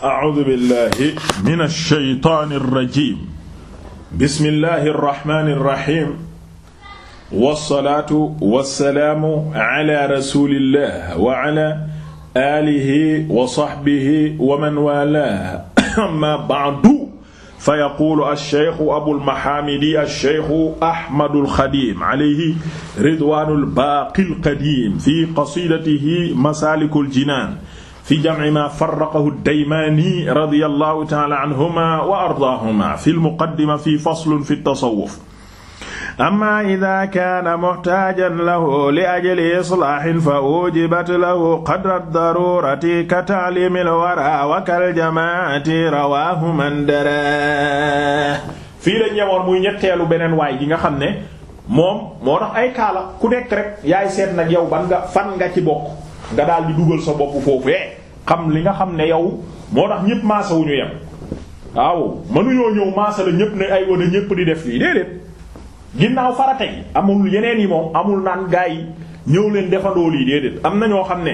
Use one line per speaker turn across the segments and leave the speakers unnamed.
a'uudu billahi mina shaytaani rajiim bismillahi rahmaani rahiim wassalaatu wassalaamu ala rasuulillah wa ala aalihi wa sahbihi wa man waalaahu amma ba'du fa yaquulu ash-shaykhu abul mahaamidi ash-shaykhu Ahmadul Xadiim alayhi ridwaanul baaqil qadiim fi qasiidatihi masaalikul jinaan fi jam'i ma farraqahu ad-Daymaani radiyallahu ta'ala anhuma wa ardaahuma fi al-muqaddima fi faslun fi at-tasawwuf amma ida kaana muhtaajan lahu li ajli islaahin fa ujibat lahu qadra darurati ka taalimi lwara wa kal jamaati rawahu man dara fii la ñewoon muy ñetteelu beneen waay gi nga xam ne moom moo tax ay kaala ku nekk rek yaay seet nag yow ban nga fan nga ci bokk nga daal di dugal sa bopp foofu ee xam li nga xam ne yow moo tax ñëpp maasa wu ñu yem waaw mënuñoo ñëw maasa la ñëpp ne ay wane ñëpp di def lii déedéet ginnaaw farata yi amul yeneen yi moom amul naan gaa yi ñëw leen defandoo lii déedéet am na ñoo xam ne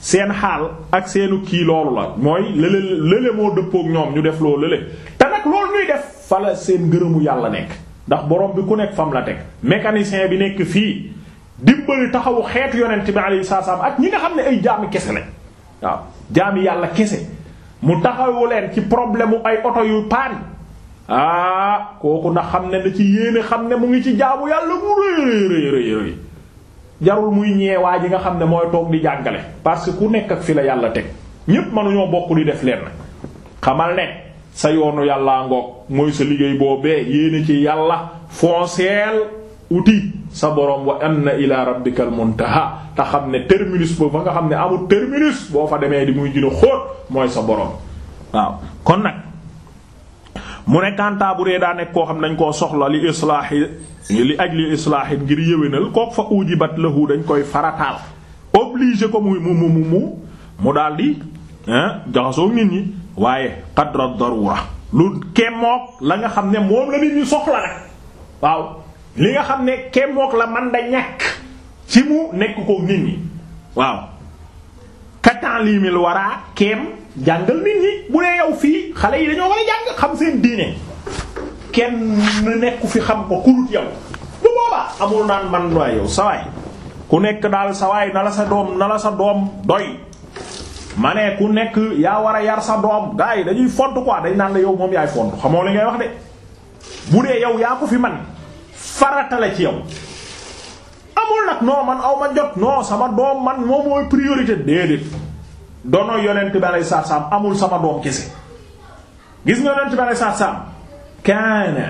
seen xaal ak seenu kii loolu la mooy lële lële moo dëppook ñoom ñu def loo lële te nag loolu ñuy def fa la seen ngërëmu yàlla nekk ndax borom bi ku nekk fam la teg mécanicien bi nekk fii dimbali taxawu xeet yonent bi alayhi salaam ak ñi nga ay jaami kese lañ jaami yàlla kese mu taxawu leen ci problème mu ay oto yu paani ah kooku na xam ne na ci yéene xam ne mu ngi ci jaamu yàlla bu rëy rëy rëy jarul muy ñeewaa yi nga xam ne mooy toog di jàngale parce que ku nekk ak fi la yàlla teg ñépp mënuñoo bokk di def leen xamal ne sa yoonu yàllaa ngoog mooy sa liggéey boobee yéene ci yàlla fonceel wuti sa borom wa anna ila rabbikal muntaha te xam ne terminus boobu ba nga xam ne amul terminus boo fa demee di muy gën a xóot mooy sa borom waaw kon nag mu ne Kantaa bu dee daa nekk koo xam ne dañ koo soxla li islaahi li ajli islaahi ngir yéwénal kook fa ujibat lahu dañ koy farataal obligé ko mu mu mu mu mu daal di jaxasoo nit ñi waaye qadra darura lu kemoog la nga xam ne moom la nit ñi soxla rek waaw. li nga xam ne kemook la man da ñàkk ci mu nekk ko nit ñi waaw katan lii mil waraa keem jàngal nit ñi bu dee yow fii xale yi dañoo war jàng xam seen diine kenn nekku fi xam ko kurut yow bu boobaa amul naan man waay yow sawaay ku nekk daal sawaay na la sa doom na la sa doom doy ma ku nekk yaa war a yar sa doom gars yi dañuy font quoi dañ naan la yow moom yaay font xamoo li ngay wax de bu dee yow yaa ko fi man farata ci yow amul nag non man aw ma jot non sama doom man moom mooy priorité déedéet dono yonent bi alayhi salaam amul sama doom kese gis nga yonent bi alayhi salaam kaana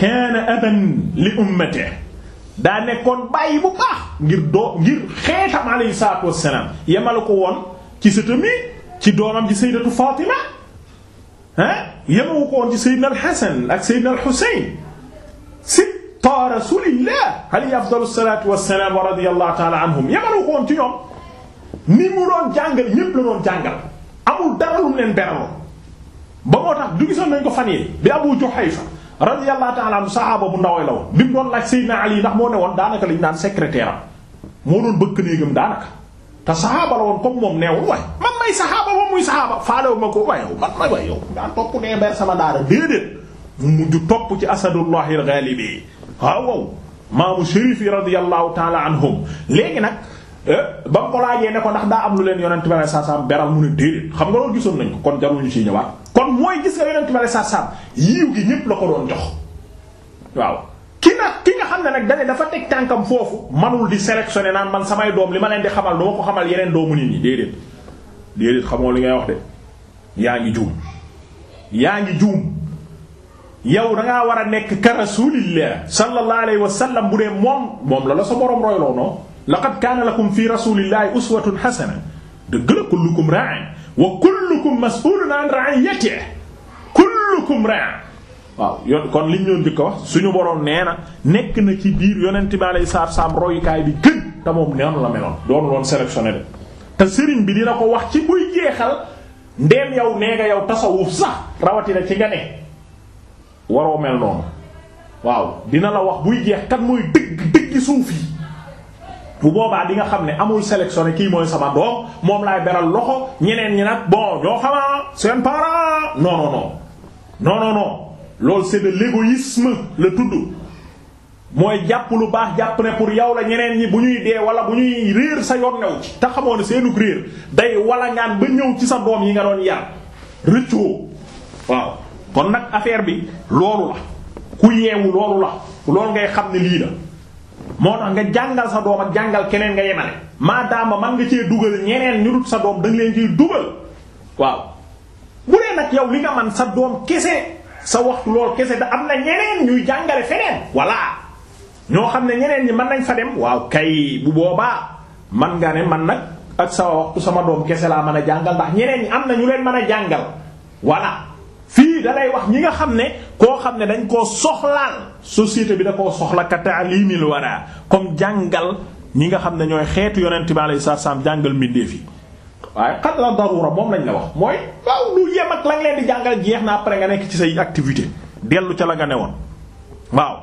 kaana aban li ummatihi daa nekkoon bàyyi bu baax ngir doo ngir xeetam alayhi wassalaam yemale ko woon ci sëtam ci doomam ci sayyidatu Fatima ah yemawu ko woon ci sayyidina hasan ak sayyidina al ta rasulillah alayhi afdalu salatu wassalam wa radiyallahu ta'ala anhum yamaru ko woon ci ni mu doon jàngal ñépp la doon jàngal amul leen beraloon ba moo tax du gisoon nañ ko fan yee bi Abu Juhayfa radiyallahu ta'ala anhu sahaaba bu ndawee la woon bi mu doon laaj Seydina Ali ndax moo ne woon daanaka lañu naan secrétaire am moo doon bëkk néegam daanaka te sahaaba la woon comme moom neewul waaye man may sahaaba moom muy sahaaba faalewu ma ko waaye man waaw waaw maamu shérif yi radiyallahu an anhum léegi nag eh, ba mu ko laajee ne ko ndax daa am lu leen yonent bi sallallahu alayhi wasallam beral mu ne déedéet xam nga loolu gisoon nañ ko kon jarul ñu ciy kon mooy gis nga yonent bi sallallahu alayhi wasallam yiiw gi ñépp la ko doon jox waaw ki nag ki nga xam ne nag dane dafa teg tànkam foofu manul di sélectionner naan man samay doom li ma leen di xamal duma ko xamal yeneen doomu nit ñi déedéet déedéet xamoo li ngay wax yaa ngi juum ngi juum yow dangaa war a nekk ka rasulillah sallallahu alayhi wa sallam bu dee moom moom la la sa borom royloo noo laqad kaana lakum fi rasulillahi uswatun hasana dëgg la kullukum ra'in wa kullukum mas'ulun an ra'iyatihi kullukum ra'in waaw yoon kon liñ ñoon di ko wax suñu borom nee na nekk na ci biir yonent bi alayhi salaatu salaam royukaay bi gën te moom noonu la meloon doonu loon sélectionné te sëriñ bi dina ko wax ci buy jeexal ndeem yow nee nga yow tasawuf rawatina ci nga ne waroo mel noonu waaw dina la wax buy jeex kan mooy dëgg dëgg suuf yi bu boobaa di nga xam ne amul sélectionné kii mooy sama doom moom laay beral loxo ñeneen ñi nag bon ñoo xamaa seen parent non non non non loolu c'est de la tudd mooy jàpp lu baax jàpp ne pour yow la ñeneen ñi bu ñuy dee wala bu ñuy réer sa yoon new ci te xamoo seenu seenug réer day wala ngaan ba ñëw ci sa doom yi nga doon yar rëccoo waaw kon nag affaire bi loolu la ku yeewu loolu la loolu ngay xam ne lii la moo tax nga jàngal sa doom ak jàngal keneen nga yemale maadaama man nga cee dugal ñeneen ñu dut sa doom dañ nga leen ciy dugal waaw bu dee nag yow li nga man sa doom kese sa waxtu lool kese da am na ñeneen ñuy jàngale feneen voilà ñoo xam ne ñeneen ñi man nañ fa dem waaw kay bu boobaa man nga ne man nag ak sa waxtu sama doom kese laa mën a jàngal ndax ñeneen ñi am na ñu leen mën a jàngal fii da lay wax ñi nga xam ne koo xam ne dañ koo soxlaal société bi da koo soxla ka taalimil wara comme jàngal ñi nga xam ne ñooy xeetu yonent bi alayhi salaam jàngal mbindeef yi waaye qad la darura moom lañ la wax mooy waaw lu yem di jàngal jeex na après nga nekk ci say activité dellu ca la nga newoon waaw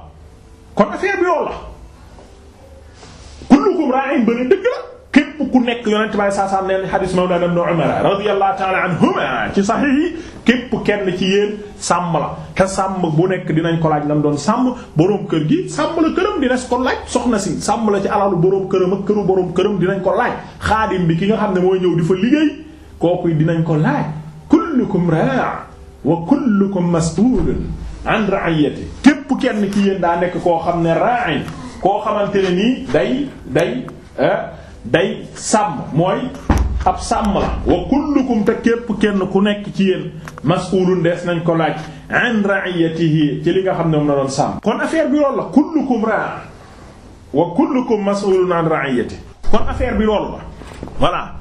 kon affaire bi yoon la kullukum ra'in bëri dëgg la képp ku nekk yonent bi alayhi salaam neen xadiis Mawlana ibn Umar radiyallahu ta'ala anhuma ci sahih képp kenn ci yéen sàmm la te sàmm bu nekk dinañ ko laaj lam doon sàmm boroom kër gi sàmm la këram dinañ ko laaj soxna si sàmm la ci alalu boroom këram ak këru boroom këram dinañ ko laaj xaadim bi ki nga xam ne mooy ñëw di fa liggéey kooku dinañ ko laaj kullukum raa wa kullukum mas'ulun an ra'iyati képp kenn ci yéen daa nekk koo xam ne ra'i koo xamante ne nii day day eh, day sàmm mooy ab sàmm la wa kullukum te képp kenn ku nekk ci yéen mas'ulun dees nañ ko laaj an ra'iyatihi ci li nga xam ne moom na doon sàmm kon affaire bi loolu la kullukum ra wa kullukum mas'ulun an ra'iyati kon affaire bi loolu la voilà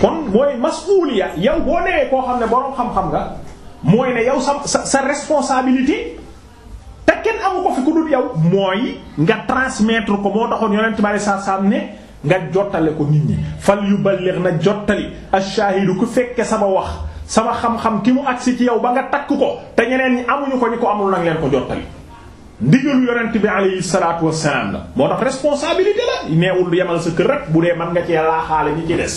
kon mooy mas'uliya yow boo newee koo xam ne boroom xam-xam nga mooy ne yow sa sa responsabilité te kenn amu ko fi ku dul yow mooy nga transmettre ko moo taxoon yonent bari sa sam ne nga jottale ko nit ñi fal yuballigh na jottali ash-shahidu ku fekkee sama wax sama xam-xam ki mu agsi ci yow ba nga takk ko te ñeneen ñi amuñu ko ñi ko amul nag leen ko jottali ndigalu yonent bi alayhi salaatu wassalaam la moo tax responsabilité la neewul yemal sa kër rek bu dee mën nga cee laaxaale ñi ci des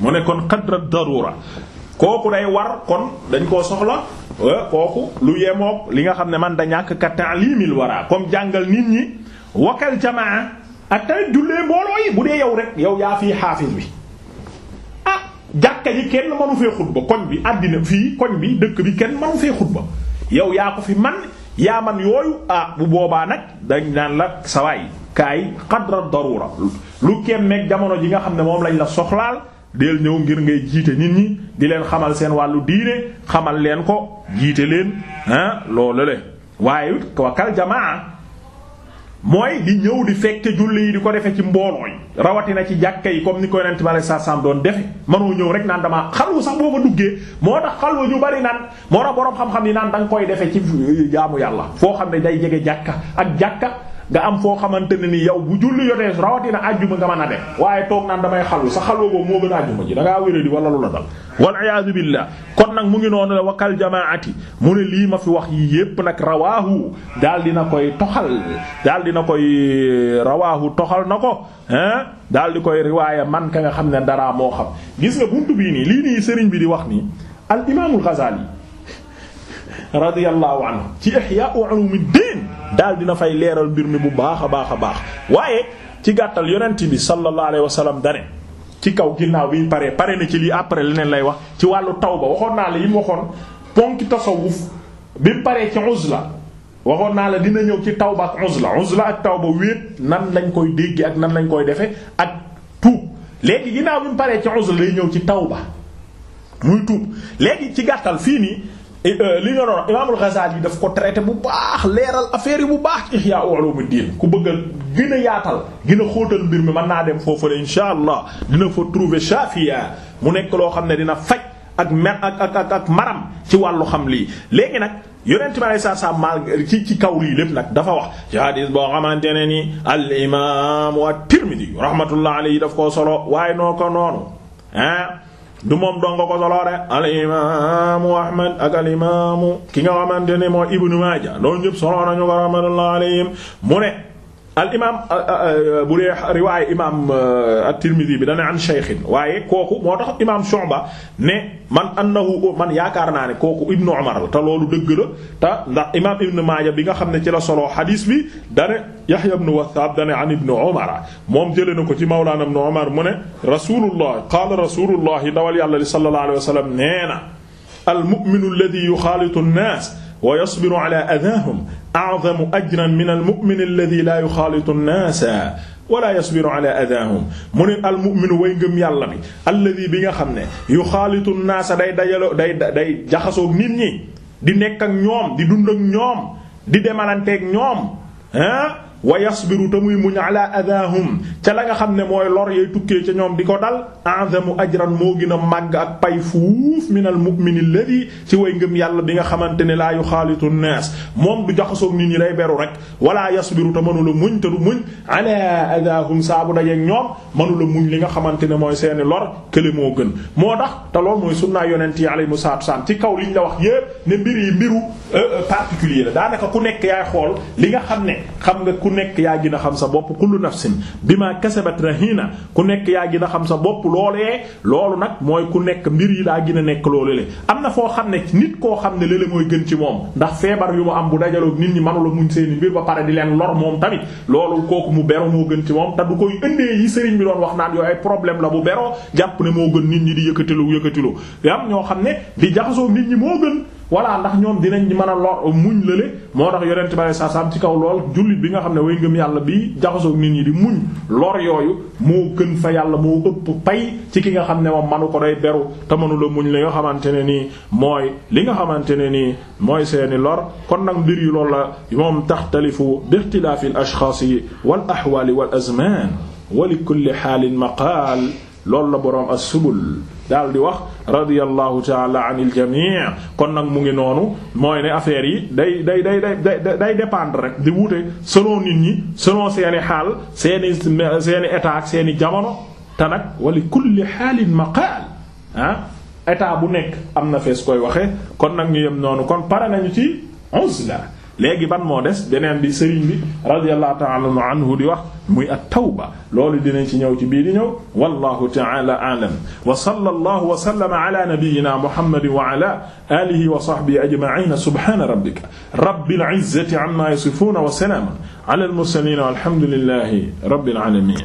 mu ne kon qadra darura kooku day war kon dañ koo soxla eh, kooku lu yemook li nga xam ne man da ñàkk ka ta'limil wara comme jàngal nit ñi wakal jamaa ak tamit jullee mbooloo yi bu dee yow rek yow yaa fii xaafis bi ah jàkka ji kenn manu fee xutba koñ bi àddina fii koñ bi dëkk bi kenn manu fee xutba yow yaa ko fi man yaa man yooyu ah bu boobaa nag dañ daan la sawaay kaay xadra darura lu kem meeg jamono ji nga xam ne moom lañ la soxlaal del ñëw ngir ngay jiite nit ñi di leen xamal seen wàllu diine xamal leen ko jiite leen ah loolu le waaye it jamaa mooy di ñëw di fekk julli yi di ko defee ci mbooloo rawatina ci jàkka yi comme ni ko yonent ma la saa saam doon defe manoo ñëw rek naan damaa xalwu sax boo fa duggee moo tax xalwa ñu bari naan moo tax boroom xam-xam yi naan da koy defe ci jaamu yàlla foo xam ne day jege jàkka ak jàkka nga am foo xamante ne ni yow bu julli yotee rawatina àjjuma nga mën a dem waaye toog naan damay xallu sa xalwa boobu moo gën a àjjuma ji da ngaa wéré di wala lu la dal waliyasu billah kon nag mu ngi noonu la wakal jamaati mu ne lii ma fi wax yi yépp nag rawaahu daal dina koy toxal daal dina koy eh, rawaahu toxal na ko hein di koy riwaaya man ka nga xam ne dara moo xam gis nga buntu bii nii lii nii sëriñ bi di wax nii al imaamul Ghazali radiyallahu anhu ci ihya ulumuddin daal dina fay leeral mbir mi bu baax a baax a baax waaye ci gàttal yonent bi sallallahu alayhi wa sallam dane ci kaw ginnaaw bi ñu paree pare na ci lii après leneen lay wax ci wàllu tawba waxoon naa la yi mu waxoon ponki tasawuf bi mu paree ci uzla waxoon naa la dina ñëw ci taw ba ak uzla uzla ak tawba wéet nan lañ koy dégg ak nan lañ koy defee ak tuub léegi ginnaaw bi mu paree ci uzla lay ñëw ci tawba muy tuub léegi ci gàttal fii nii. Euh, li nga noonu imaamul Ghazali yi daf ko traité bu baax leeral affaire yi bu baax Ihya ulumuddin ku bëgg a gën a yaatal gën a xóotal mbir mi mën naa dem foofu la insha allah dina fa trouver Shafiya mu nekk loo xam ne dina faj ak mer ak ak ak maram ci wàllu xam lii léegi nag yonent bi alayhi salaam mal ci ci kaw lii lépp nag dafa wax ci hadis boo xamante ne ni al imam at-Tirmidhi rahmatullah alayhi daf koo solo waaye noo ko noonu ah du moom donga ko solo de al imaamu ahmad ak al imaamu ki nga xamante ne mooy ibnu maaja loolu ñëpp solo nañu ko rahmatullah alayhim mu ne al imaam bu dee riwaaye imaam euh, at-Tirmidhi bi dana an shaykhin waaye kooku moo tax imaam Shu'ba ne man annahu man yaakaar naa ne kooku Ibnu Umar la te loolu dëgg la te ndax imaam Ibnu Maaja bi nga xam ne ci la solo xadiis bi dane Yahya ibnu Wassaab dane an Ibnu Umar moom jëlee na ko ci mawlaana Ibnu Umar mu ne rasulullah qaala rasulullah dawal yàlla li sallallahu alayhi wa sallam nee na al mu'minu alladhi yukhalitu an-nas wa yasbiru ala adaahum a'zamu ajran min al-mu'min alladhi la yukhalitu an-nasa wala yasbiru ala adaahum mu ne almu'minu way ngëm yàlla bi alladi bi nga xam ne yuxaalitu naasa day dajalo day day jaxasoog nit ñi di nekk ak ñoom di dund ak ñoom di demalanteeg ñoom ah wa yasbiru te muy muñ ala adahum ca la nga xam ne mooy lor yay tukkee ca ñoom di ko dal a'zamu ajran moo gën a màgg ak pay fuuf minal mu'min alladhi ci way ngëm yàlla bi nga xamante ne laa yuxaalitu nnaas moom du jaxasoog nit ñi lay beru rek wala yasbiru te mënula muñ te du muñ ala adahum saabu dajeeg ñoom mënula muñ li nga xamante ne mooy seeni lor kële moo gën moo tax te loolu mooy sunnaa yonent yi mu salaatu salaam ci kaw liñ la wax yépp ne mbir yi mbiru euh, euh, particulier la daanaka ku nekk yaay xool li nga xam ne xam nga ku nekk yaa gën a xam sa bopp kullu nafsin bima kasabat rahina ku nekk yaa gën a xam sa bopp loolee loolu nag mooy ku nekk mbir yi daa gën a nekk loo le am na foo xam ne nit koo xam ne lële mooy gën ci moom ndax feebar yu mu am bu dajaloog nit ñi manula muñ seeni mbir ba pare di leen lor moom tamit loolu kooku mu bero moo gën ci moom te du koy indee yi sëriñ bi doon wax naan yooyu ay problème la mu beroo jàpp ne moo gën nit ñi di yëkkatilu yëkkatilu am ñoo xam ne di jaxasoo nit ñi moo gën voilà ndax ñoom dinañ mën a lor muñ lële moo tax yonent bi saa saam ci kaw lool jullit bi nga xam ne way ngëm yàlla bi jaxasoog nit ñi di muñ lor yooyu moo gën fa yàlla moo ëpp pay ci ki nga xam ne moom manu ko day beru te manu la muñ li nga xamante ne nii mooy li nga xamante ne nii mooy seeni lor kon nag mbir yi loolu la moom taxtalifu bi ixtilaafi al ashxaas wal axwaali azmaan wa li kulli xaalin maqaal loolu la boroom as-subul daal di wax radiyallahu taala anil jamii kon nag mu ngi noonu mooy ne affaire yi day day day day day dépendre rek di wuute selon nit ñi selon seeni xaal seeni seeni état ak seeni jamono te nag wali kulli xaalin maqaal ah état bu nekk am na fee su koy waxee kon nag ñu yem noonu kon pare nañu ci uzla léegi ban moo des beneen bi sëriñ bi radiyallahu ta'ala anhu di wax muy at-tawba loolu dinañ ci ñëw ci bii di ñëw wallahu ta'ala a'lam wa sallallahu wa sallama ala nabiyyina muhammadin wa ala alihi wa sahbihi ajma'in subhana rabbika rabbil izzati amma yasifun wa salamun ala al-mursalin walhamdulillahi rabbil alamin